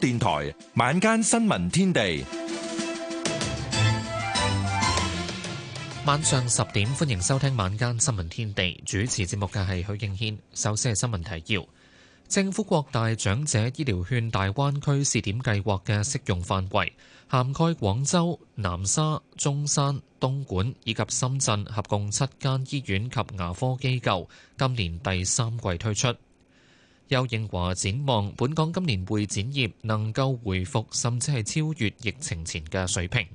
電台晚間新聞天地，晚上十點歡迎收聽晚間新聞天地。主持節目嘅係許敬軒。首先係新聞提要：政府擴大長者醫療券大灣區試點計劃嘅適用範圍，涵蓋廣州南沙、中山、東莞以及深圳，合共七間醫院及牙科機構，今年第三季推出。邱應華展望本港今年會展業能夠回復，甚至係超越疫情前嘅水平。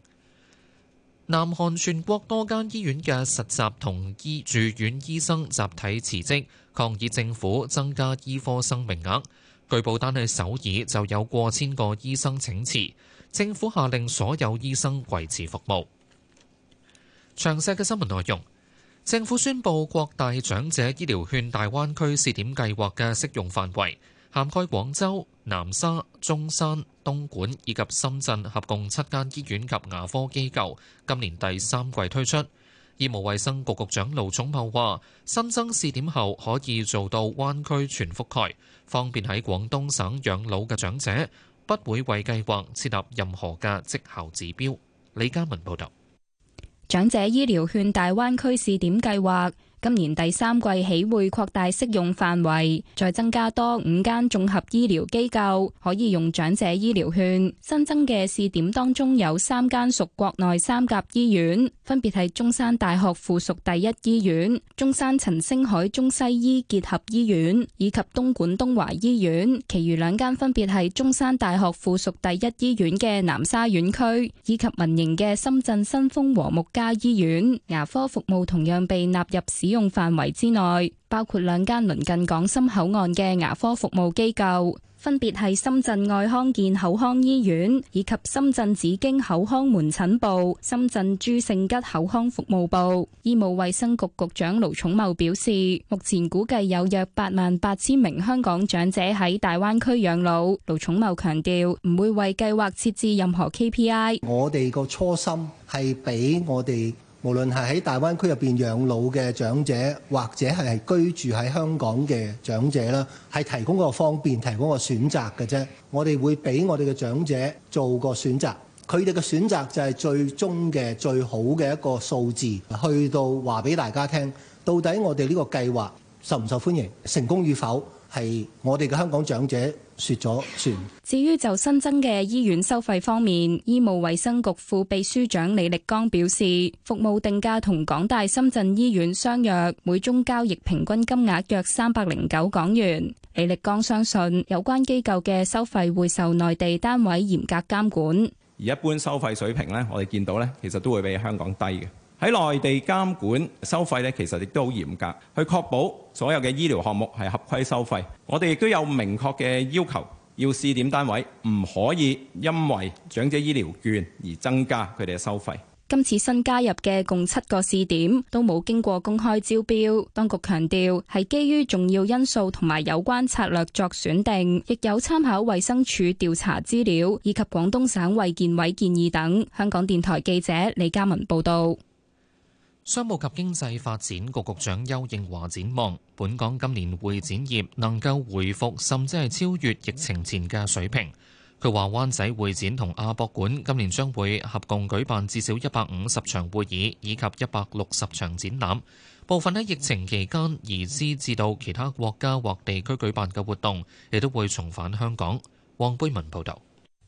南韓全國多間醫院嘅實習同醫住院醫生集體辭職，抗議政府增加醫科生名額。據報單係首爾就有過千個醫生請辭，政府下令所有醫生維持服務。詳細嘅新聞內容。政府宣布擴大長者醫療券大灣區試點計劃嘅適用範圍涵蓋廣州、南沙、中山、東莞以及深圳，合共七間醫院及牙科機構，今年第三季推出。醫務衛生局局長盧寵茂話：新增試點後可以做到灣區全覆蓋，方便喺廣東省養老嘅長者，不會為計劃設立任何嘅績效指標。李嘉文報道。長者醫療券大灣區試點計劃。今年第三季起會擴大適用範圍，再增加多五間綜合醫療機構可以用長者醫療券。新增嘅試點當中有三間屬國內三甲醫院，分別係中山大學附屬第一醫院、中山陳星海中西醫結合醫院以及東莞東華醫院。其餘兩間分別係中山大學附屬第一醫院嘅南沙院區以及民營嘅深圳新豐和睦家醫院。牙科服務同樣被納入使用範圍之內，包括兩間鄰近港深口岸嘅牙科服務機構，分別係深圳愛康健口腔醫院以及深圳紫荊口腔門診部、深圳朱聖吉口腔服務部。醫務衛生局局長盧寵茂表示，目前估計有約八萬八千名香港長者喺大灣區養老。盧寵茂強調，唔會為計劃設置任何 KPI。我哋個初心係俾我哋。無論係喺大灣區入邊養老嘅長者，或者係居住喺香港嘅長者啦，係提供個方便，提供個選擇嘅啫。我哋會俾我哋嘅長者做個選擇，佢哋嘅選擇就係最終嘅最好嘅一個數字，去到話俾大家聽，到底我哋呢個計劃受唔受歡迎，成功與否，係我哋嘅香港長者。說咗算。至於就新增嘅醫院收費方面，醫務衛生局副秘書長李力剛表示，服務定價同港大、深圳醫院相約，每宗交易平均金額約三百零九港元。李力剛相信，有關機構嘅收費會受內地單位嚴格監管。而一般收費水平呢，我哋見到呢，其實都會比香港低嘅。喺內地監管收費呢，其實亦都好嚴格，去確保所有嘅醫療項目係合規收費。我哋亦都有明確嘅要求，要試點單位唔可以因為長者醫療券而增加佢哋嘅收費。今次新加入嘅共七個試點都冇經過公開招標，當局強調係基於重要因素同埋有關策略作選定，亦有參考衛生署調查資料以及廣東省衛健委建議等。香港電台記者李嘉文報道。商務及經濟發展局局長邱應華展望，本港今年會展業能夠回復，甚至係超越疫情前嘅水平。佢話灣仔會展同亞博館今年將會合共舉辦至少一百五十場會議以及一百六十場展覽，部分喺疫情期間移師至到其他國家或地區舉辦嘅活動，亦都會重返香港。黃貝文報道。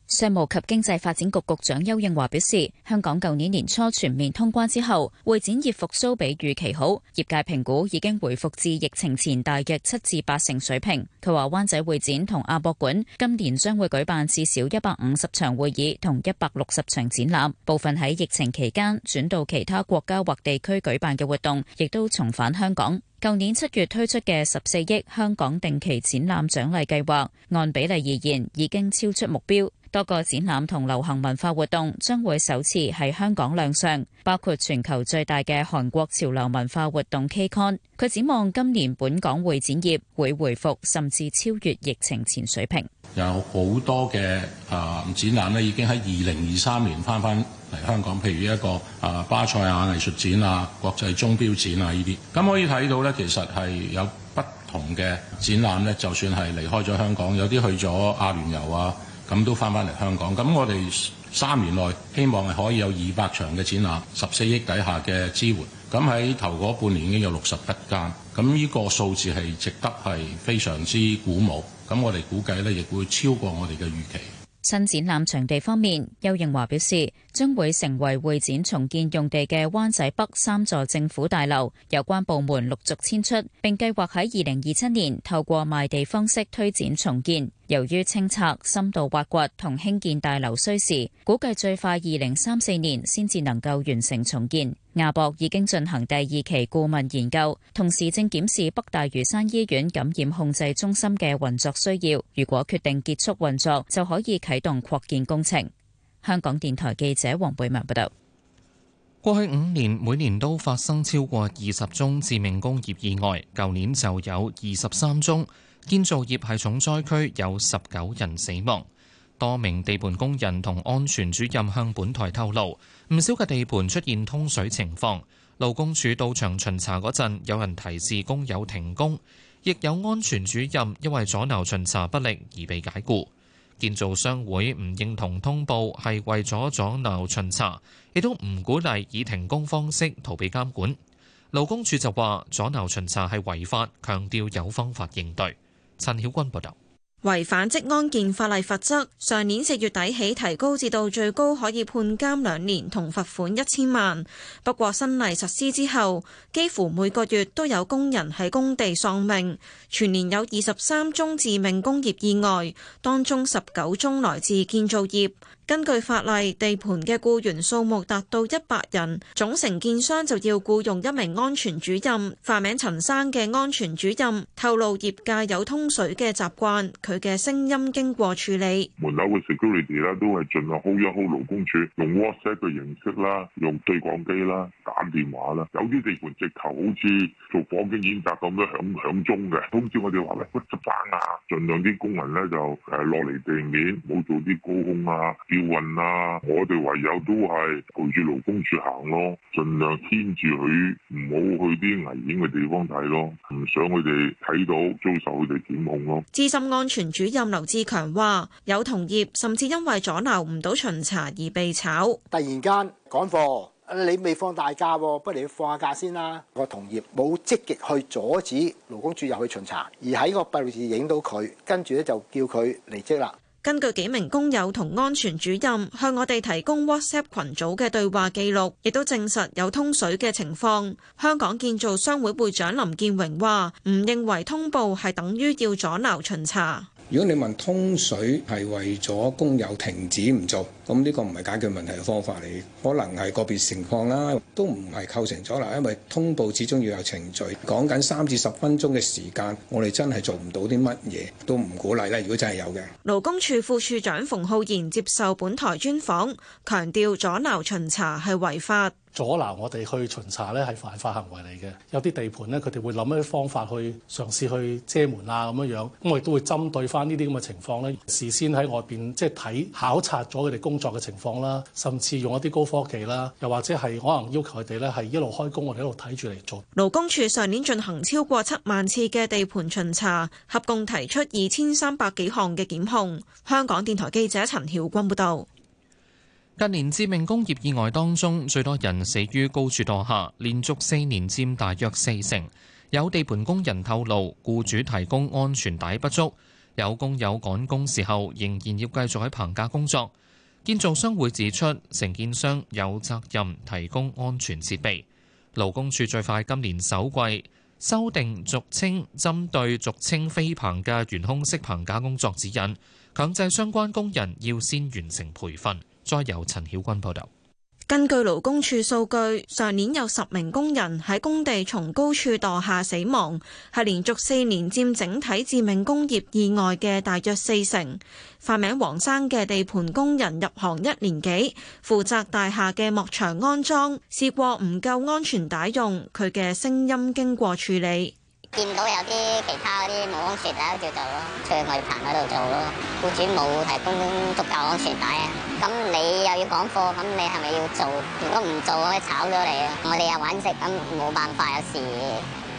商務及經濟發展局局長邱應華表示，香港舊年年初全面通關之後，會展業復蘇比預期好，業界評估已經回復至疫情前大約七至八成水平。佢話灣仔會展同亞博館今年將會舉辦至少一百五十場會議同一百六十場展覽，部分喺疫情期間轉到其他國家或地區舉辦嘅活動，亦都重返香港。舊年七月推出嘅十四億香港定期展覽獎勵計劃，按比例而言已經超出目標。多個展覽同流行文化活動將會首次喺香港亮相，包括全球最大嘅韓國潮流文化活動 KCON。佢展望今年本港會展業會恢復，甚至超越疫情前水平。有好多嘅啊展覽咧，已經喺二零二三年翻返嚟香港，譬如一個啊巴塞亞藝術展啊、國際鐘錶展啊呢啲。咁可以睇到呢，其實係有不同嘅展覽呢，就算係離開咗香港，有啲去咗阿聯酋啊。咁都翻返嚟香港，咁我哋三年內希望係可以有二百場嘅展覽，十四億底下嘅支援。咁喺頭嗰半年已經有六十七間，咁呢個數字係值得係非常之鼓舞。咁我哋估計呢亦會超過我哋嘅預期。新展覽場地方面，邱應華表示。將會成為會展重建用地嘅灣仔北三座政府大樓，有關部門陸續遷出，並計劃喺二零二七年透過賣地方式推展重建。由於清拆、深度挖掘同興建大樓需時，估計最快二零三四年先至能夠完成重建。亞博已經進行第二期顧問研究，同時正檢視北大嶼山醫院感染控制中心嘅運作需要。如果決定結束運作，就可以啟動擴建工程。香港電台記者黃貝文報道：過去五年，每年都發生超過二十宗致命工業意外，舊年就有二十三宗。建造業係重災區，有十九人死亡。多名地盤工人同安全主任向本台透露，唔少嘅地盤出現通水情況。勞工處到場巡查嗰陣，有人提示工友停工，亦有安全主任因為阻撓巡查不力而被解僱。建造商會唔認同通報係為咗阻撓巡查，亦都唔鼓勵以停工方式逃避監管。勞工處就話阻撓巡查係違法，強調有方法應對。陳曉君報道。違反職安健法例罰則，上年四月底起提高至到最高可以判監兩年同罰款一千萬。不過新例實施之後，幾乎每個月都有工人喺工地喪命，全年有二十三宗致命工業意外，當中十九宗來自建造業。根據法例，地盤嘅僱員數目達到一百人，總承建商就要僱用一名安全主任。化名陳生嘅安全主任透露，業界有通水嘅習慣，佢嘅聲音經過處理。門口嘅 security 咧都係盡量 hold 一 hold 勞工處，用 WhatsApp 嘅形式啦，用對講機啦，打電話啦。有啲地盤直頭好似做火警演習咁嘅響響鐘嘅通知我哋，話，喂，屈咗棚啊，盡量啲工人咧就誒落嚟地面，唔好做啲高空啊。要運啊！我哋唯有都係陪住勞工處行咯，儘量牽住佢，唔好去啲危險嘅地方睇咯，唔想佢哋睇到，遭受佢哋檢控咯。資深安全主任劉志強話：有同業甚至因為阻撓唔到巡查而被炒。突然間趕貨，你未放大假喎，哦，不如去放下假先啦。個同業冇積極去阻止勞工處入去巡查，而喺個閉路視影到佢，跟住咧就叫佢離職啦。根據幾名工友同安全主任向我哋提供 WhatsApp 群組嘅對話記錄，亦都證實有通水嘅情況。香港建造商會會長林建榮話：唔認為通報係等於要阻撓巡查。如果你問通水係為咗工友停止唔做，咁呢個唔係解決問題嘅方法嚟，可能係個別情況啦，都唔係構成阻撓，因為通報始終要有程序。講緊三至十分鐘嘅時間，我哋真係做唔到啲乜嘢，都唔鼓勵啦。如果真係有嘅，勞工處副處長馮浩然接受本台專訪，強調阻撓巡查係違法。阻撓我哋去巡查呢，係犯法行為嚟嘅。有啲地盤呢，佢哋會諗一啲方法去嘗試去遮門啊咁樣樣。咁我亦都會針對翻呢啲咁嘅情況呢，事先喺外邊即係睇考察咗佢哋工作嘅情況啦，甚至用一啲高科技啦，又或者係可能要求佢哋呢，係一路開工，我哋一路睇住嚟做。勞工處上年進行超過七萬次嘅地盤巡查，合共提出二千三百幾項嘅檢控。香港電台記者陳曉君報道。近年致命工業意外當中，最多人死於高處墮下，連續四年佔大約四成。有地盤工人透露，雇主提供安全帶不足，有工友趕工時候仍然要繼續喺棚架工作。建造商會指出，承建商有責任提供安全設備。勞工處最快今年首季修訂俗稱針對俗稱飛棚嘅懸空式棚架工作指引，強制相關工人要先完成培訓。再由陳曉君報道。根據勞工處數據，上年有十名工人喺工地從高處墮下死亡，係連續四年佔整體致命工業意外嘅大約四成。化名黃生嘅地盤工人入行一年幾，負責大廈嘅幕牆安裝，試過唔夠安全帶用。佢嘅聲音經過處理。見到有啲其他啲冇安全帶都叫做咯，出去外棚嗰度做咯，僱主冇提供足夠安全帶啊！咁你又要講課，咁你係咪要做？如果唔做，可以炒咗你啊！我哋又玩食，咁冇辦法，有時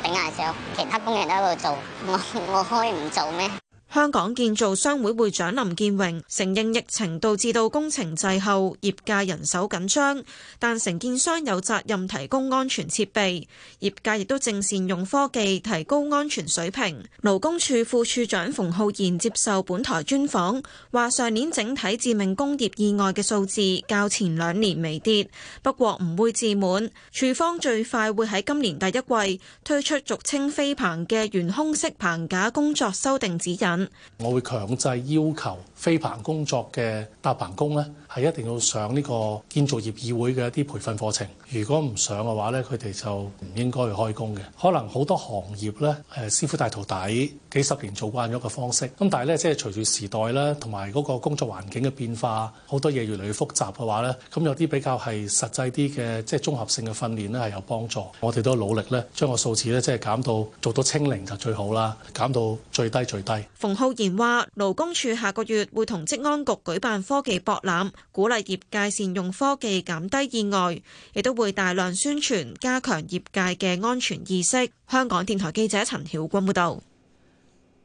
頂硬上，其他工人都喺度做，我我可以唔做咩？香港建造商會會長林建榮承認疫情導致到工程滯後、業界人手緊張，但承建商有責任提供安全設備，業界亦都正善用科技提高安全水平。勞工處副處長馮浩然接受本台專訪，話上年整體致命工業意外嘅數字較前兩年微跌，不過唔會自滿，處方最快會喺今年第一季推出俗稱飛棚嘅懸空式棚架工作修訂指引。我會強制要求飛棚工作嘅搭棚工咧，係一定要上呢個建造業議會嘅一啲培訓課程。如果唔上嘅話咧，佢哋就唔應該去開工嘅。可能好多行業咧，誒師傅帶徒弟幾十年做慣咗個方式。咁但係咧，即係隨住時代啦，同埋嗰個工作環境嘅變化，好多嘢越嚟越複雜嘅話咧，咁有啲比較係實際啲嘅，即係綜合性嘅訓練咧係有幫助。我哋都努力咧，將個數字咧即係減到做到清零就最好啦，減到最低最低。馮浩然話：勞工處下個月會同職安局舉辦科技博覽。鼓勵業界善用科技減低意外，亦都會大量宣傳，加強業界嘅安全意識。香港電台記者陳曉君報道。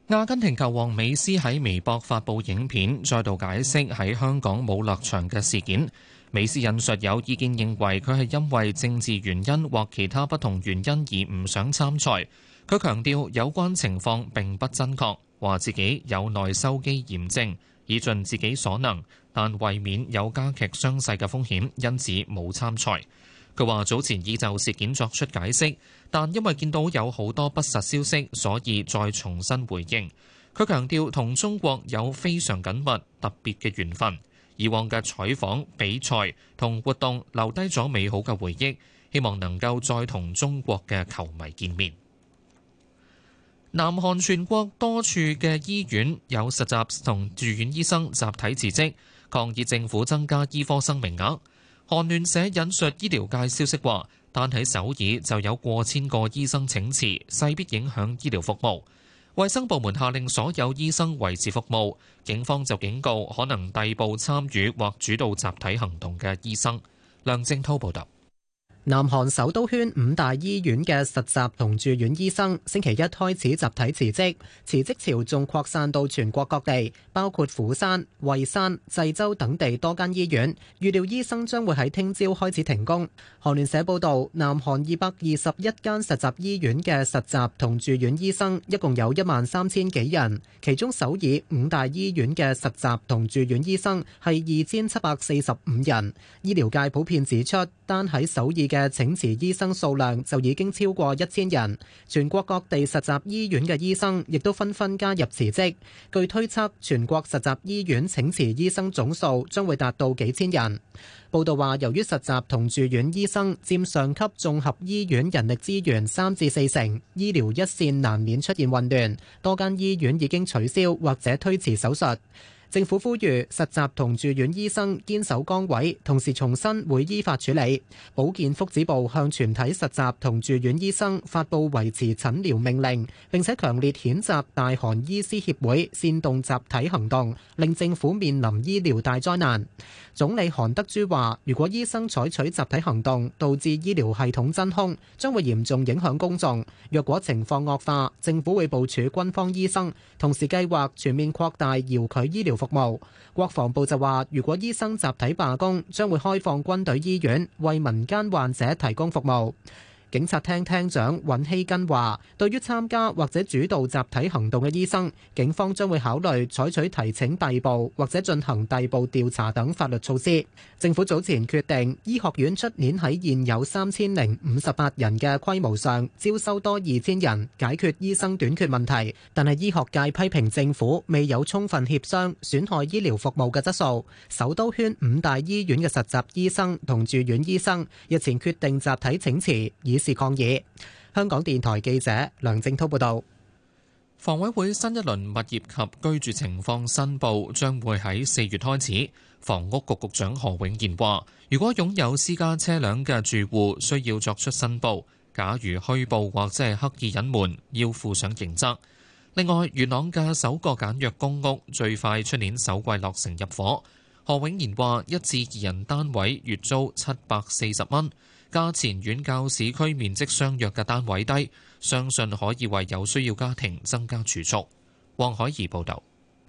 阿根廷球王美斯喺微博發布影片，再度解釋喺香港冇落場嘅事件。美斯引述有意見認為佢係因為政治原因或其他不同原因而唔想參賽。佢強調有關情況並不真確，話自己有內收肌炎症，以盡自己所能。但為免有加劇傷勢嘅風險，因此冇參賽。佢話早前已就事件作出解釋，但因為見到有好多不實消息，所以再重新回應。佢強調同中國有非常緊密、特別嘅緣分，以往嘅採訪、比賽同活動留低咗美好嘅回憶，希望能夠再同中國嘅球迷見面。南韓全國多處嘅醫院有實習同住院醫生集體辭職。抗議政府增加醫科生名額，韓聯社引述醫療界消息話，單喺首爾就有過千個醫生請辭，勢必影響醫療服務。衛生部門下令所有醫生維持服務，警方就警告可能逮捕參與或主導集體行動嘅醫生。梁正濤報道。南韓首都圈五大醫院嘅實習同住院醫生星期一開始集體辭職，辭職潮仲擴散到全國各地，包括釜山、蔚山、濟州等地多間醫院。預料醫生將會喺聽朝開始停工。韓聯社報導，南韓二百二十一間實習醫院嘅實習同住院醫生一共有一萬三千幾人，其中首爾五大醫院嘅實習同住院醫生係二千七百四十五人。醫療界普遍指出，單喺首爾嘅請辭醫生數量就已經超過一千人，全國各地實習醫院嘅醫生亦都紛紛加入辭職。據推測，全國實習醫院請辭醫生總數將會達到幾千人。報道話，由於實習同住院醫生佔上級綜合醫院人力資源三至四成，醫療一線難免出現混亂，多間醫院已經取消或者推遲手術。政府呼籲實習同住院醫生堅守崗位，同時重新會依法處理。保健福祉部向全體實習同住院醫生發佈維持診療命令，並且強烈譴責大韓醫師協會煽動集體行動，令政府面臨醫療大災難。總理韓德洙話：如果醫生採取集體行動，導致醫療系統真空，將會嚴重影響公眾。若果情況惡化，政府會部署軍方醫生，同時計劃全面擴大遙距醫療服務，國防部就話，如果醫生集體罷工，將會開放軍隊醫院，為民間患者提供服務。警察廳廳長尹希根話，對於參加或者主導集體行動嘅醫生，警方將會考慮採取提請逮捕或者進行逮捕調查等法律措施。政府早前決定醫學院出年喺現有三千零五十八人嘅規模上招收多二千人，解決醫生短缺問題，但係醫學界批評政府未有充分協商，損害醫療服務嘅質素。首都圈五大醫院嘅實習醫生同住院醫生日前決定集體請辭，以示抗議。香港電台記者梁正濤報道，房委會新一輪物業及居住情況申報將會喺四月開始。房屋局局長何永賢話，如果擁有私家車輛嘅住戶需要作出申報，假如虛報或者係刻意隱瞞，要負上刑責。另外，元朗嘅首個簡約公屋最快出年首季落成入伙。何永賢話，一至二人單位月租七百四十蚊。價錢遠較市區面積相若嘅單位低，相信可以為有需要家庭增加儲蓄。汪海怡報導。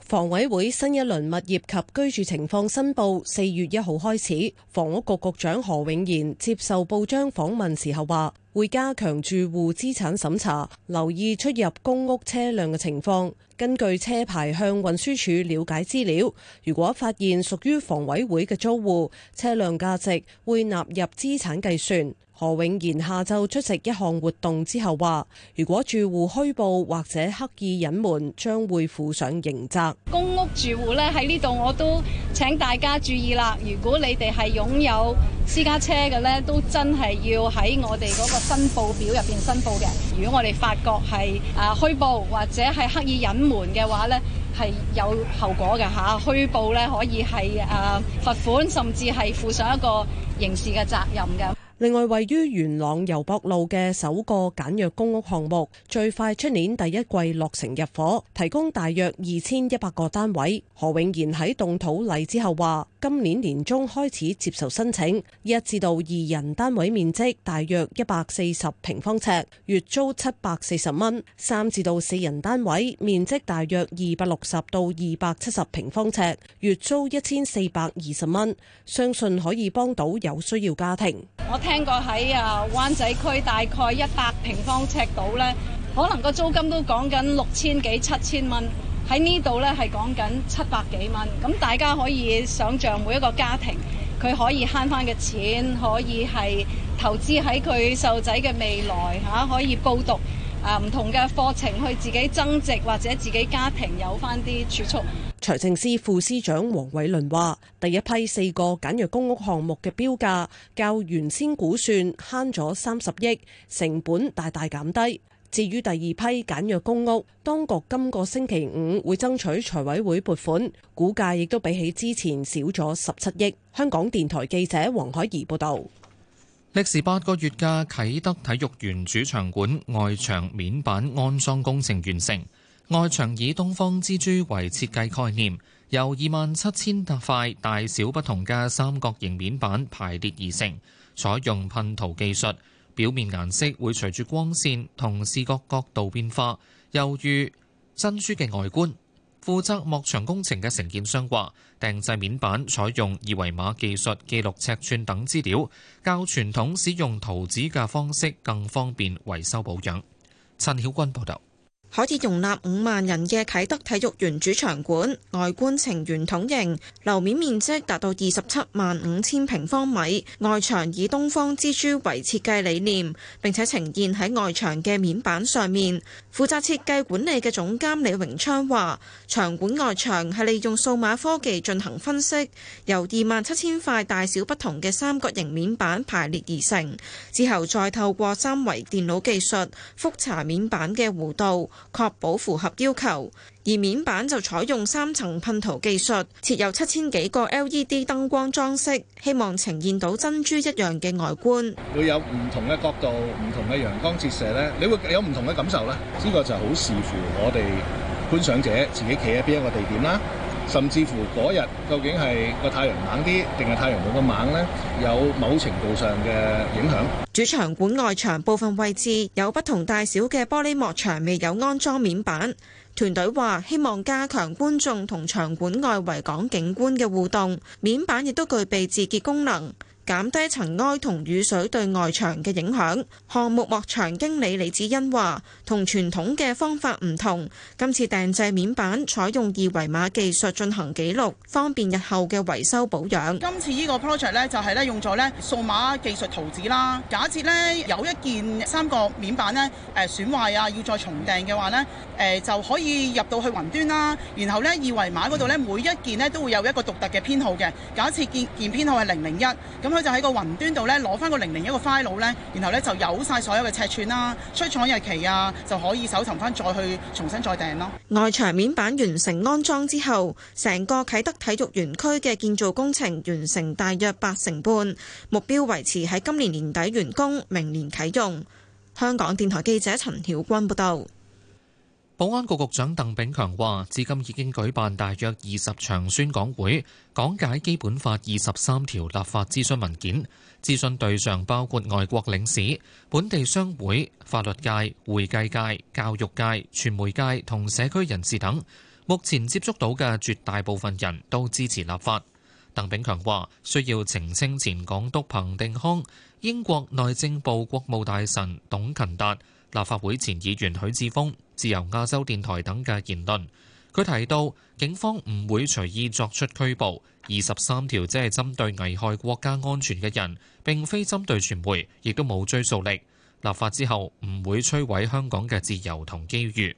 房委會新一輪物業及居住情況申報，四月一號開始。房屋局局長何永賢接受報章訪問時候話，會加強住戶資產審查，留意出入公屋車輛嘅情況。根據車牌向運輸署了解資料，如果發現屬於房委會嘅租戶，車輛價值會納入資產計算。何永賢下晝出席一項活動之後話：如果住戶虛報或者刻意隱瞞，將會負上刑責。公屋住戶咧喺呢度我都請大家注意啦，如果你哋係擁有私家車嘅咧，都真係要喺我哋嗰個申報表入邊申報嘅。如果我哋發覺係啊虛報或者係刻意隱瞞嘅話咧，係有後果嘅吓。虛報咧可以係啊罰款，甚至係負上一個刑事嘅責任嘅。另外，位於元朗油博路嘅首個簡約公屋項目，最快出年第一季落成入伙，提供大約二千一百個單位。何永賢喺動土禮之後話：今年年中開始接受申請，一至到二人單位面積大約一百四十平方尺，月租七百四十蚊；三至到四人單位面積大約二百六十到二百七十平方尺，月租一千四百二十蚊。相信可以幫到有需要家庭。我聽聽過喺啊，灣仔區大概一百平方尺度，呢可能個租金都講緊六千幾七千蚊，喺呢度呢，係講緊七百幾蚊。咁大家可以想象，每一個家庭，佢可以慳翻嘅錢，可以係投資喺佢細路仔嘅未來吓，啊，可以報讀。啊！唔同嘅課程去自己增值，或者自己家庭有翻啲儲蓄。財政司副司長黃偉綸話：第一批四個簡約公屋項目嘅標價較原先估算慳咗三十億，成本大大減低。至於第二批簡約公屋，當局今個星期五會爭取財委會撥款，估價亦都比起之前少咗十七億。香港電台記者黃海怡報道。歷時八個月嘅啟德體育園主場館外牆面板安裝工程完成。外牆以東方之珠為設計概念，由二萬七千塊大小不同嘅三角形面板排列而成，採用噴塗技術，表面顏色會隨住光線同視覺角，角度變化，猶如珍珠嘅外觀。負責幕牆工程嘅承建商話，定製面板採用二維碼技術記錄尺寸等資料，較傳統使用圖紙嘅方式更方便維修保養。陳曉君報導。可以容納五萬人嘅啟德體育園主場館，外觀呈圓筒形，樓面面積達到二十七萬五千平方米，外牆以東方之珠為設計理念，並且呈現喺外牆嘅面板上面。負責設計管理嘅總監李榮昌話，場館外牆係利用數碼科技進行分析，由二萬七千塊大小不同嘅三角形面板排列而成，之後再透過三維電腦技術複查面板嘅弧度。確保符合要求，而面板就採用三層噴塗技術，設有七千幾個 LED 燈光裝飾，希望呈現到珍珠一樣嘅外觀。會有唔同嘅角度、唔同嘅陽光折射咧，你會有唔同嘅感受咧。呢個就好視乎我哋觀賞者自己企喺邊一個地點啦。甚至乎嗰日究竟係個太陽猛啲，定係太陽冇咁猛咧？有某程度上嘅影響。主場館外牆部分位置有不同大小嘅玻璃幕牆未有安裝面板。團隊話，希望加強觀眾同場館外圍港景觀嘅互動，面板亦都具備自潔功能。減低塵埃同雨水對外牆嘅影響。項目幕牆經理李子欣話：，同傳統嘅方法唔同，今次訂製面板採用二維碼技術進行記錄，方便日後嘅維修保養。今次呢個 project 咧，就係咧用咗咧數碼技術圖紙啦。假設咧有一件三個面板呢，誒損壞啊，要再重訂嘅話呢，誒就可以入到去雲端啦。然後呢，二維碼嗰度呢，每一件咧都會有一個獨特嘅編號嘅。假設件件編號係零零一咁。佢就喺個雲端度咧，攞翻個零零一個 file 咧，然後咧就有晒所有嘅尺寸啦、出廠日期啊，就可以搜尋翻再去重新再訂咯。外牆面板完成安裝之後，成個啟德體育園區嘅建造工程完成大約八成半，目標維持喺今年年底完工，明年啟用。香港電台記者陳曉君報道。保安局局長鄧炳強話，至今已經舉辦大約二十場宣講會，講解《基本法》二十三條立法諮詢文件。諮詢對象包括外國領事、本地商會、法律界、會計界、教育界、傳媒界同社區人士等。目前接觸到嘅絕大部分人都支持立法。鄧炳強話，需要澄清前港督彭定康、英國內政部國務大臣董勤達、立法會前議員許智峰、自由亞洲電台等嘅言論，佢提到警方唔會隨意作出拘捕。二十三條即係針對危害國家安全嘅人，並非針對傳媒，亦都冇追溯力。立法之後唔會摧毀香港嘅自由同機遇。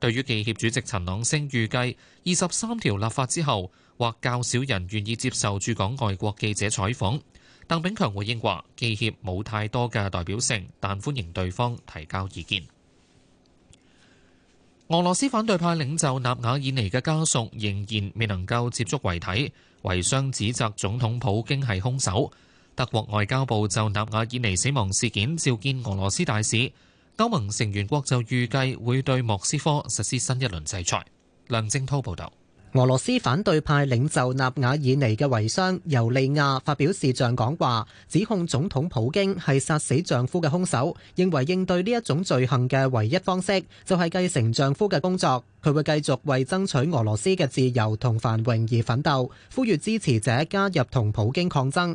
對於記協主席陳朗昇預計二十三條立法之後，或較少人願意接受駐港外國記者採訪。鄧炳強回應話：記協冇太多嘅代表性，但歡迎對方提交意見。俄羅斯反對派領袖納瓦爾尼嘅家屬仍然未能夠接觸遺體，遺孀指責總統普京係兇手。德國外交部就納瓦爾尼死亡事件召見俄羅斯大使，歐盟成員國就預計會對莫斯科實施新一輪制裁。梁正濤報道。俄羅斯反對派領袖納瓦爾尼嘅遺孀尤利亞發表視像講話，指控總統普京係殺死丈夫嘅兇手，認為應對呢一種罪行嘅唯一方式就係繼承丈夫嘅工作，佢會繼續為爭取俄羅斯嘅自由同繁榮而奮鬥，呼籲支持者加入同普京抗爭。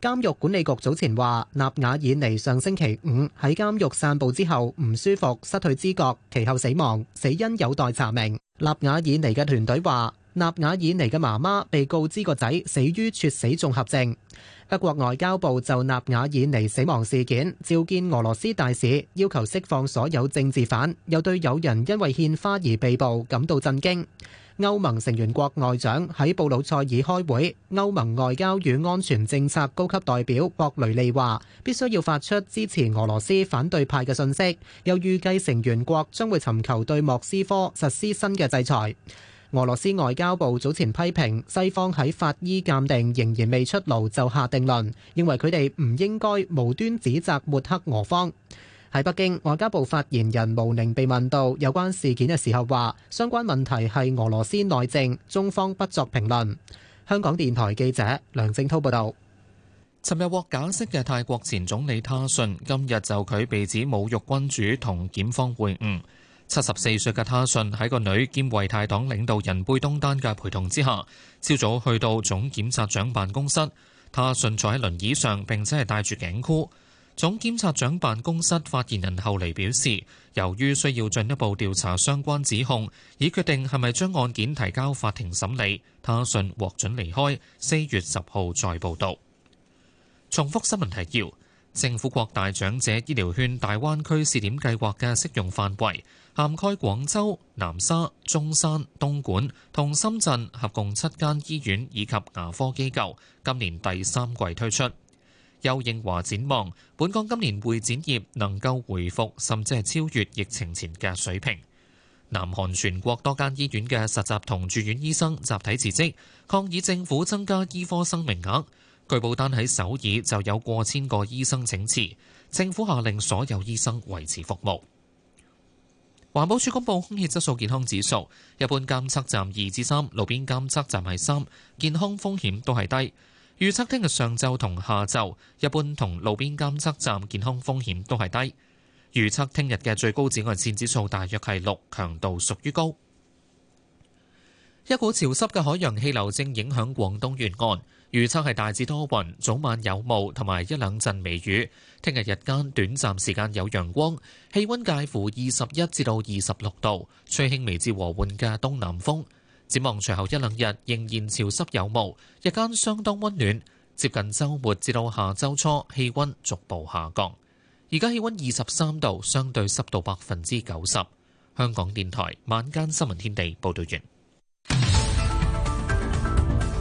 監獄管理局早前話，納瓦爾尼上星期五喺監獄散步之後唔舒服、失去知覺，其後死亡，死因有待查明。納瓦爾尼嘅團隊話，納瓦爾尼嘅媽媽被告知個仔死於猝死綜合症。德國外交部就納瓦爾尼死亡事件召見俄羅斯大使，要求釋放所有政治犯，又對有人因為獻花而被捕感到震驚。歐盟成員國外長喺布魯塞爾開會，歐盟外交與安全政策高級代表博雷利話，必須要發出支持俄羅斯反對派嘅訊息，又預計成員國將會尋求對莫斯科實施新嘅制裁。俄羅斯外交部早前批評西方喺法醫鑑定仍然未出爐就下定論，認為佢哋唔應該無端指責抹黑俄方。喺北京，外交部發言人毛寧被問到有關事件嘅時候，話相關問題係俄羅斯內政，中方不作評論。香港電台記者梁正滔報道。尋日獲假釋嘅泰國前總理他信今日就佢被指侮辱君主同檢方會晤。七十四歲嘅他信喺個女兼為泰黨領導人貝東丹嘅陪同之下，朝早去到總檢察長辦公室。他信坐喺輪椅上，並且係戴住頸箍。總檢察長辦公室發言人後嚟表示，由於需要進一步調查相關指控，已決定係咪將案件提交法庭審理。他信獲准離開，四月十號再報道。重複新聞提要：政府擴大長者醫療券大灣區試點計劃嘅適用範圍，涵蓋廣州、南沙、中山、東莞同深圳，合共七間醫院以及牙科機構，今年第三季推出。邱應樺展望本港今年會展業能夠回復甚至係超越疫情前嘅水平。南韓全國多間醫院嘅實習同住院醫生集體辭職，抗議政府增加醫科生名額，據報單喺首爾就有過千個醫生請辭，政府下令所有醫生維持服務。環保署公布空氣質素健康指數，一般監測站二至三，3，路邊監測站係三，健康風險都係低。預測聽日上晝同下晝，一般同路邊監測站健康風險都係低。預測聽日嘅最高紫外線指數大約係六，強度屬於高。一股潮濕嘅海洋氣流正影響廣東沿岸，預測係大致多雲，早晚有霧，同埋一兩陣微雨。聽日日間短暫時間有陽光，氣溫介乎二十一至到二十六度，吹輕微至和緩嘅東南風。展望隨後一兩日仍然潮濕有霧，日間相當溫暖，接近周末至到下周初氣溫逐步下降。而家氣溫二十三度，相對濕度百分之九十。香港電台晚間新聞天地報道完。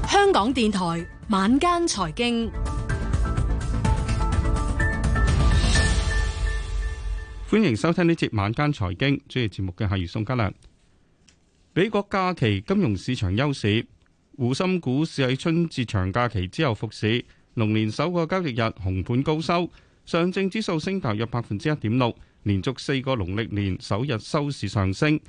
香港電台晚間財經，歡迎收聽呢節晚間財經主持節目嘅係宋嘉良。美國假期金融市場休市，滬深股市喺春節長假期之後復市，龍年首個交易日紅盤高收，上證指數升大約百分之一點六，連續四個農曆年首日收市上升。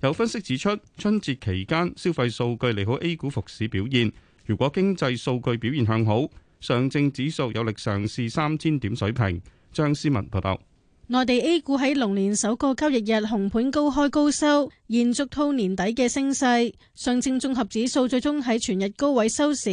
有分析指出，春節期間消費數據利好 A 股復市表現，如果經濟數據表現向好，上證指數有力上市三千點水平。張思文報道。內地 A 股喺龍年首個交易日紅盤高開高收，延續套年底嘅升勢。上證綜合指數最終喺全日高位收市，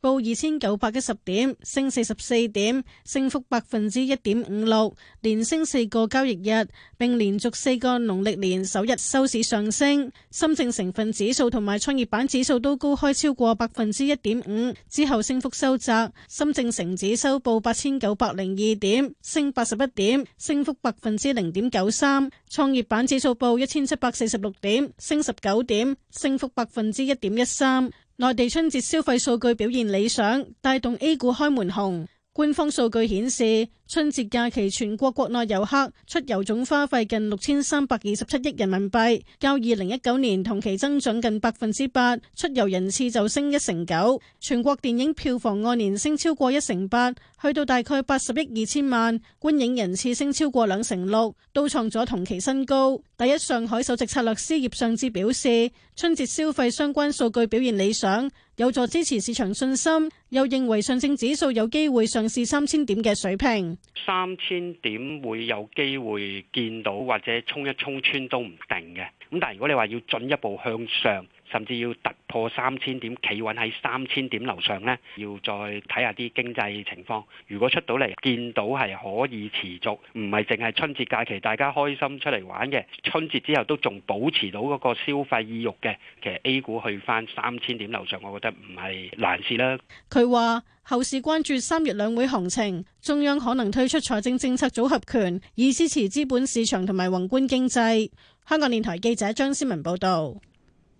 報二千九百一十點，升四十四點，升幅百分之一點五六，連升四個交易日，並連續四個農曆年首日收市上升。深證成分指數同埋創業板指數都高開超過百分之一點五，之後升幅收窄。深證成指收報八千九百零二點，升八十一點，升幅。百分之零點九三，創業板指數報一千七百四十六點，升十九點，升幅百分之一點一三。內地春節消費數據表現理想，帶動 A 股開門紅。官方數據顯示，春節假期，全國國內遊客出遊總花費近六千三百二十七億人民幣，較二零一九年同期增長近百分之八，出遊人次就升一成九。全國電影票房按年升超過一成八，去到大概八十億二千萬，觀影人次升超過兩成六，都創咗同期新高。第一上海首席策略師葉尚志表示，春節消費相關數據表現理想，有助支持市場信心，又認為上證指數有機會上市三千點嘅水平。三千點會有機會見到，或者衝一衝穿都唔定嘅。咁但係如果你話要進一步向上，甚至要突破三千點，企穩喺三千點樓上呢，要再睇下啲經濟情況。如果出到嚟見到係可以持續，唔係淨係春節假期大家開心出嚟玩嘅，春節之後都仲保持到嗰個消費意欲嘅，其實 A 股去翻三千點樓上，我覺得唔係難事啦。佢話後市關注三月兩會行情，中央可能推出財政政策組合拳，以支持資本市場同埋宏觀經濟。香港電台記者張思文報道，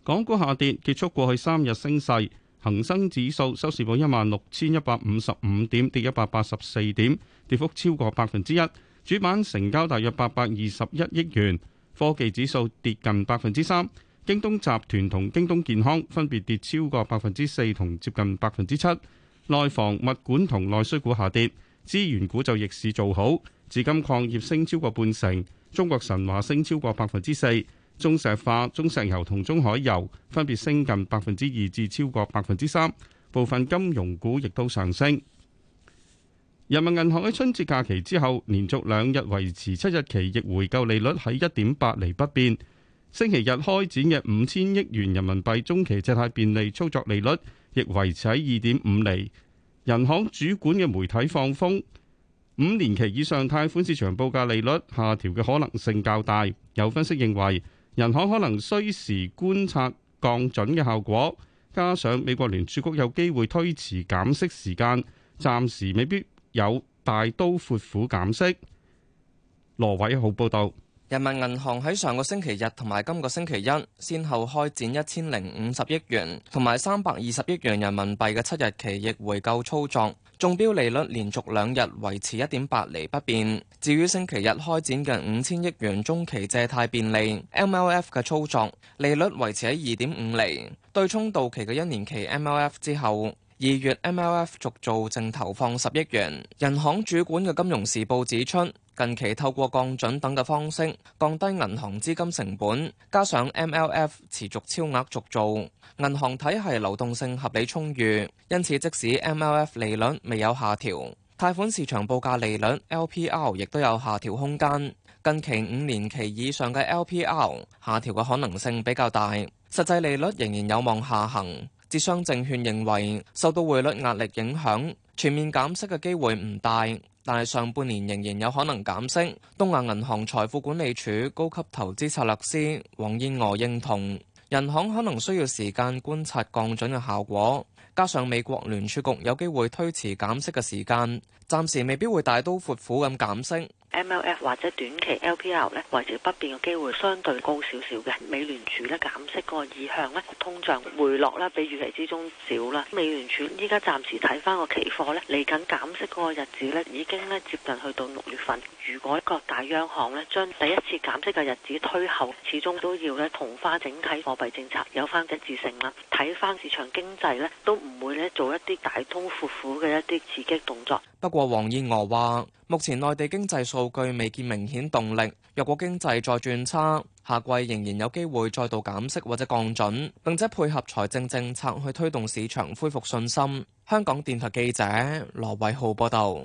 港股下跌，結束過去三日升勢。恒生指數收市報一萬六千一百五十五點，跌一百八十四點，跌幅超過百分之一。主板成交大約八百二十一億元。科技指數跌近百分之三，京東集團同京東健康分別跌超過百分之四同接近百分之七。內房物管同內需股下跌，資源股就逆市做好，紫金礦業升超過半成。中國神華升超過百分之四，中石化、中石油同中海油分別升近百分之二至超過百分之三，部分金融股亦都上升。人民銀行喺春節假期之後，連續兩日維持七日期逆回購利率喺一點八厘不變。星期日開展嘅五千億元人民幣中期借貸便利操作利率亦維持喺二點五厘。人行主管嘅媒體放風。五年期以上貸款市場報價利率下調嘅可能性較大，有分析認為，人行可能需時觀察降準嘅效果，加上美國聯儲局有機會推遲減息時間，暫時未必有大刀闊斧減息。羅偉浩報導，人民銀行喺上個星期日同埋今個星期一，先後開展一千零五十億元同埋三百二十億元人民幣嘅七日期逆回購操作。中標利率連續兩日維持一點八厘不變。至於星期日開展嘅五千億元中期借貸便利 （MLF） 嘅操作，利率維持喺二點五厘，對沖到期嘅一年期 MLF 之後。二月 MLF 續做淨投放十億元，人行主管嘅《金融時報》指出，近期透過降準等嘅方式降低銀行資金成本，加上 MLF 持續超額續做，銀行體系流動性合理充裕，因此即使 MLF 利率未有下調，貸款市場報價利率 LPR 亦都有下調空間，近期五年期以上嘅 LPR 下調嘅可能性比較大，實際利率仍然有望下行。浙商證券認為受到匯率壓力影響，全面減息嘅機會唔大，但係上半年仍然有可能減息。東亞銀行財富管理處高級投資策略師黃燕娥認同，人行可能需要時間觀察降準嘅效果，加上美國聯儲局有機會推遲減息嘅時間，暫時未必會大刀闊斧咁減息。MLF 或者短期 LPR 咧，維持不變嘅機會相對高少少嘅，美聯儲咧，減息嗰個意向咧，通脹回落啦，比預期之中少啦。美聯儲依家暫時睇翻個期貨咧，嚟緊減息嗰個日子咧已經咧接近去到六月份。如果各大央行咧，將第一次減息嘅日子推後，始終都要咧同翻整體貨幣政策有翻一致性啦。睇翻市場經濟咧都唔會咧做一啲大通闊斧嘅一啲刺激動作。不過，黃燕娥話：目前內地經濟數據未見明顯動力，若果經濟再轉差，下季仍然有機會再度減息或者降準，並且配合財政政策去推動市場恢復信心。香港電台記者羅偉浩報道。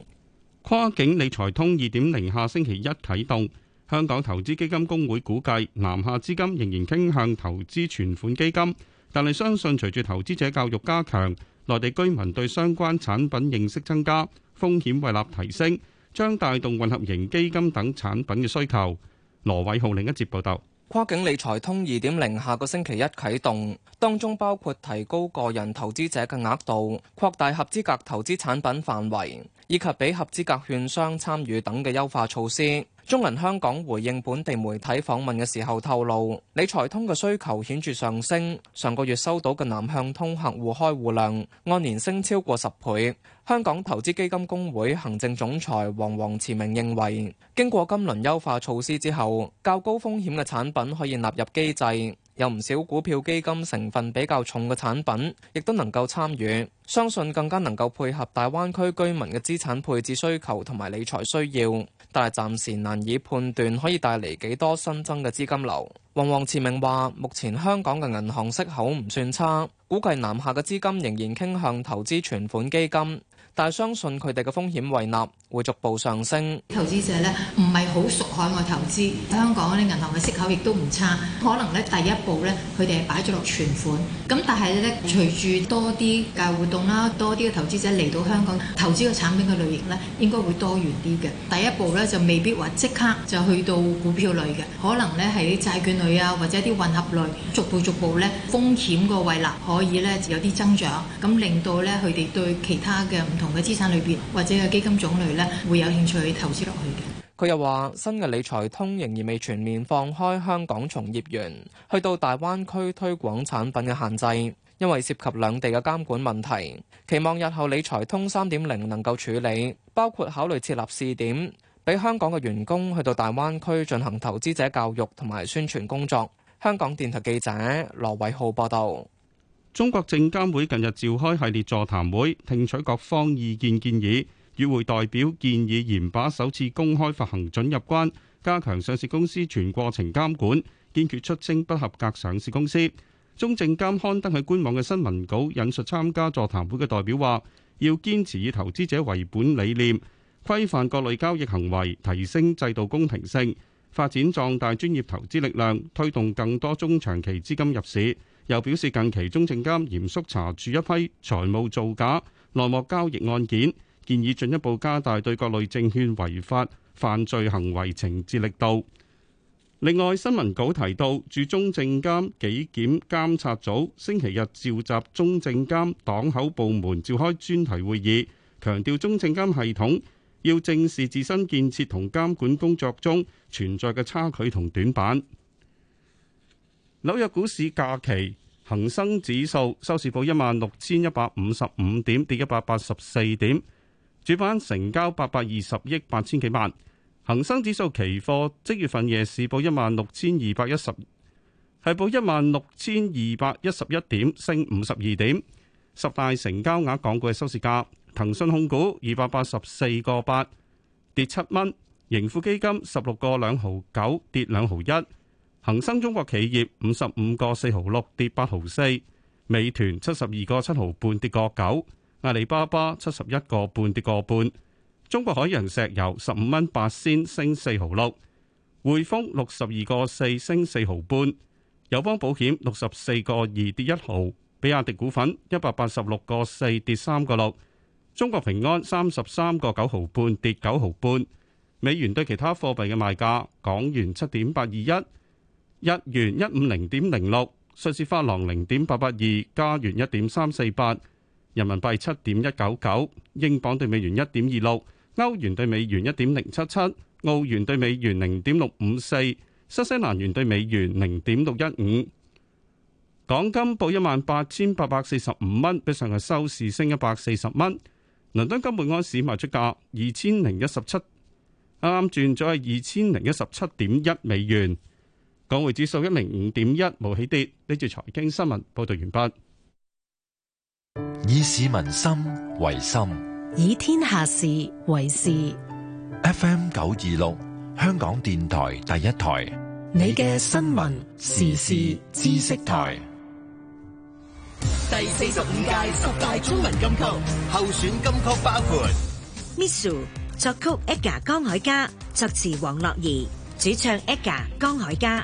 跨境理財通二點零下星期一啟動。香港投資基金公會估計，南下資金仍然傾向投資存款基金，但係相信隨住投資者教育加強，內地居民對相關產品認識增加。風險胃納提升，將帶動混合型基金等產品嘅需求。羅偉浩另一節報導，跨境理財通二點零下個星期一啟動，當中包括提高個人投資者嘅額度、擴大合資格投資產品範圍，以及俾合資格券商參與等嘅優化措施。中銀香港回應本地媒體訪問嘅時候透露，理財通嘅需求顯著上升，上個月收到嘅南向通客戶開戶量按年升超過十倍。香港投資基金公會行政總裁黃黃慈明認為，經過今輪優化措施之後，較高風險嘅產品可以納入機制，有唔少股票基金成分比較重嘅產品亦都能夠參與，相信更加能夠配合大灣區居民嘅資產配置需求同埋理財需要，但係暫時難以判斷可以帶嚟幾多新增嘅資金流。黃黃慈明話：目前香港嘅銀行息口唔算差，估計南下嘅資金仍然傾向投資存款基金。但相信佢哋嘅風險為納。會逐步上升。投資者咧唔係好熟海外投資，香港啲銀行嘅息口亦都唔差。可能咧第一步咧佢哋係擺咗落存款。咁但係咧隨住多啲嘅活動啦，多啲嘅投資者嚟到香港投資嘅產品嘅類型咧，應該會多元啲嘅。第一步咧就未必話即刻就去到股票類嘅，可能咧係啲債券類啊，或者啲混合類，逐步逐步咧風險個位置可以咧有啲增長，咁令到咧佢哋對其他嘅唔同嘅資產裏邊或者嘅基金種類咧。會有興趣投資落去嘅。佢又話：新嘅理財通仍然未全面放開香港從業員去到大灣區推廣產品嘅限制，因為涉及兩地嘅監管問題。期望日後理財通三點零能夠處理，包括考慮設立試點，俾香港嘅員工去到大灣區進行投資者教育同埋宣傳工作。香港電台記者羅偉浩報道。中國證監會近日召開系列座談會，聽取各方意見建議。與會代表建議嚴把首次公開發行准入關，加強上市公司全過程監管，堅決出清不合格上市公司。中證監刊登喺官網嘅新聞稿引述參加座談會嘅代表話，要堅持以投資者為本理念，規範各類交易行為，提升制度公平性，發展壯大專業投資力量，推動更多中長期資金入市。又表示，近期中證監嚴肅查處一批財務造假、內幕交易案件。建議進一步加大對各類證券違法犯罪行為懲治力度。另外，新聞稿提到，駐中證監紀檢監察組星期日召集中證監黨口部門召開專題會議，強調中證監系統要正視自身建設同監管工作中存在嘅差距同短板。紐約股市假期。恒生指數收市報一萬六千一百五十五點，跌一百八十四點。主板成交八百二十億八千幾萬，恒生指數期貨即月份夜市報一萬六千二百一十，係報一萬六千二百一十一點，升五十二點。十大成交額港股嘅收市價，騰訊控股二百八十四個八，跌七蚊；盈富基金十六個兩毫九，跌兩毫一；恒生中國企業五十五個四毫六，跌八毫四；美團七十二個七毫半，跌個九。阿里巴巴七十一個半跌個半，中國海洋石油十五蚊八仙升四毫六，匯豐六十二個四升四毫半，友邦保險六十四個二跌一毫，比亞迪股份一百八十六個四跌三個六，中國平安三十三個九毫半跌九毫半，美元兌其他貨幣嘅賣價，港元七點八二一，日元一五零點零六，瑞士法郎零點八八二，加元一點三四八。人民幣七點一九九，英鎊兌美元一點二六，歐元兌美元一點零七七，澳元兌美元零點六五四，新西蘭元兌美元零點六一五。港金報一萬八千八百四十五蚊，比上日收市升一百四十蚊。倫敦金本盎市賣出價二千零一十七，啱啱轉咗係二千零一十七點一美元。港匯指數一零五點一，冇起跌。呢段財經新聞報道完畢。以市民心為心，以天下事為事。FM 九二六，香港電台第一台，你嘅新聞時事知識台。第四十五屆十大中文金曲候選金曲包括《Missu》，作曲 AGA 江海迦，作詞黃樂怡，主唱 AGA 江海迦。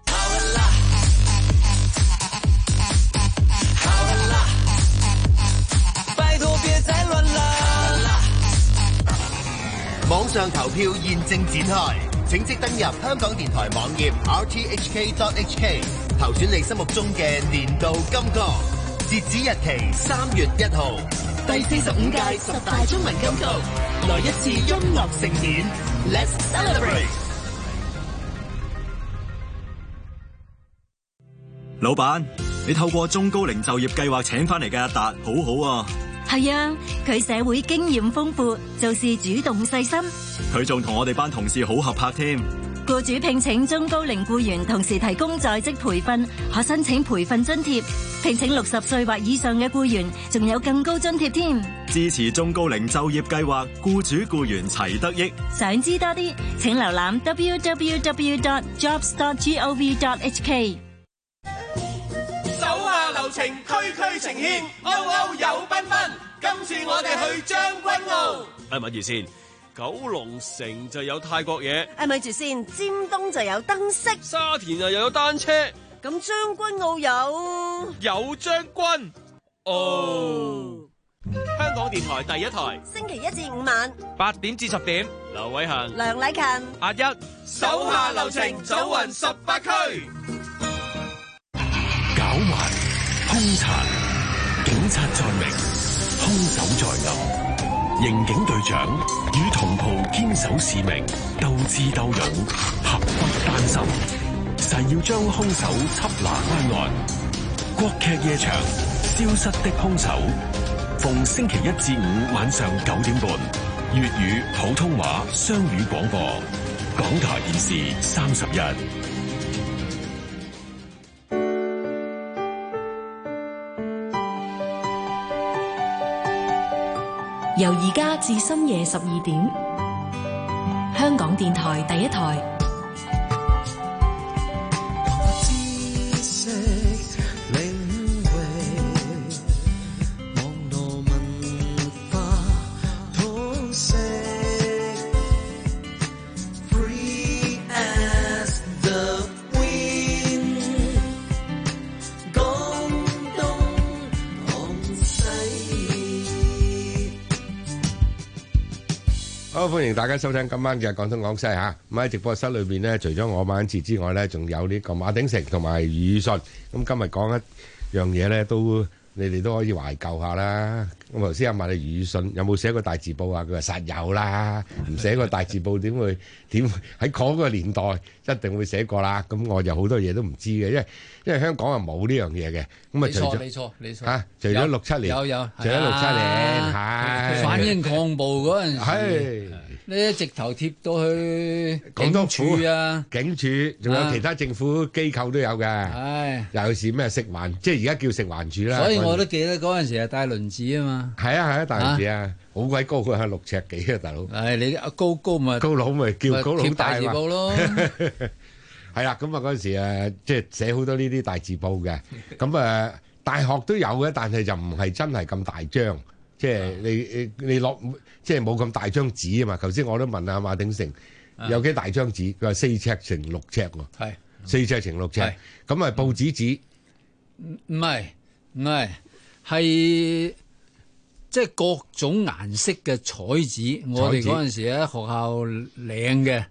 上投票現正展開，請即登入香港電台網頁 r t h k dot h k 投選你心目中嘅年度金曲，截止日期三月一號。第四十五屆十大中文金曲，來一次音樂盛典，Let's celebrate！老闆，你透過中高齡就業計劃請翻嚟嘅阿達，好好啊！係啊，佢社會經驗豐富，做事主動細心。佢仲同我哋班同事好合拍添。僱主聘請中高齡僱員，同時提供在職培訓，可申請培訓津貼。聘請六十歲或以上嘅僱員，仲有更高津貼添。支持中高齡就業計劃，僱主僱員齊得益。想知多啲，請瀏覽 www.jobs.gov.hk。情區區呈現，歐歐有賓賓。今次我哋去將軍澳。哎，咪住先，九龍城就有泰國嘢。哎，咪住先，尖東就有燈飾，沙田啊又有單車。咁將軍澳有有將軍澳，哦，香港電台第一台，星期一至五晚八點至十點，劉偉恒、梁麗勤、阿一，手下留情，走勻十八區，搞埋。偵查，警察在明，凶手在暗。刑警隊長與同袍堅守使命，鬥智鬥勇，俠膽丹心，誓要將凶手緝拿歸案。國劇夜場，《消失的凶手》，逢星期一至五晚上九點半，粵語、普通話雙語廣播，港台電視三十一。由而家至深夜十二點，香港電台第一台。歡迎大家收聽今晚嘅廣東廣西嚇，咁喺直播室裏邊咧，除咗我晚節之外咧，仲有呢個馬鼎盛同埋雨迅。咁今日講一樣嘢咧，都你哋都可以懷舊下啦。咁頭先阿馬問你雨迅有冇寫過大字報啊？佢話實有啦，唔寫個大字報點會，點喺嗰個年代一定會寫過啦。咁我就好多嘢都唔知嘅，因為因為香港啊冇呢樣嘢嘅。咁啊，除咗，啊，除咗六七年，有有，除咗六七年，係反英抗暴嗰陣時，係。你一直頭貼到去警署啊，警署，仲有其他政府機構都有嘅。係，尤其是咩食環，即係而家叫食環署啦。所以我都記得嗰陣時係大輪子啊嘛。係啊係啊，大輪子啊，好鬼高佢係，六尺幾啊大佬。係你高高咪高佬咪叫高佬大嘛。貼大字報咯。係啦，咁啊嗰陣時誒，即係寫好多呢啲大字報嘅。咁啊，大學都有嘅，但係就唔係真係咁大張，即係你你你落。即係冇咁大張紙啊嘛！頭先我都問阿馬鼎盛有幾大張紙，佢話四尺乘六尺喎。四尺乘六尺，咁啊是是報紙紙唔唔係唔係係即係各種顏色嘅彩紙。彩紙我哋嗰陣時喺學校領嘅。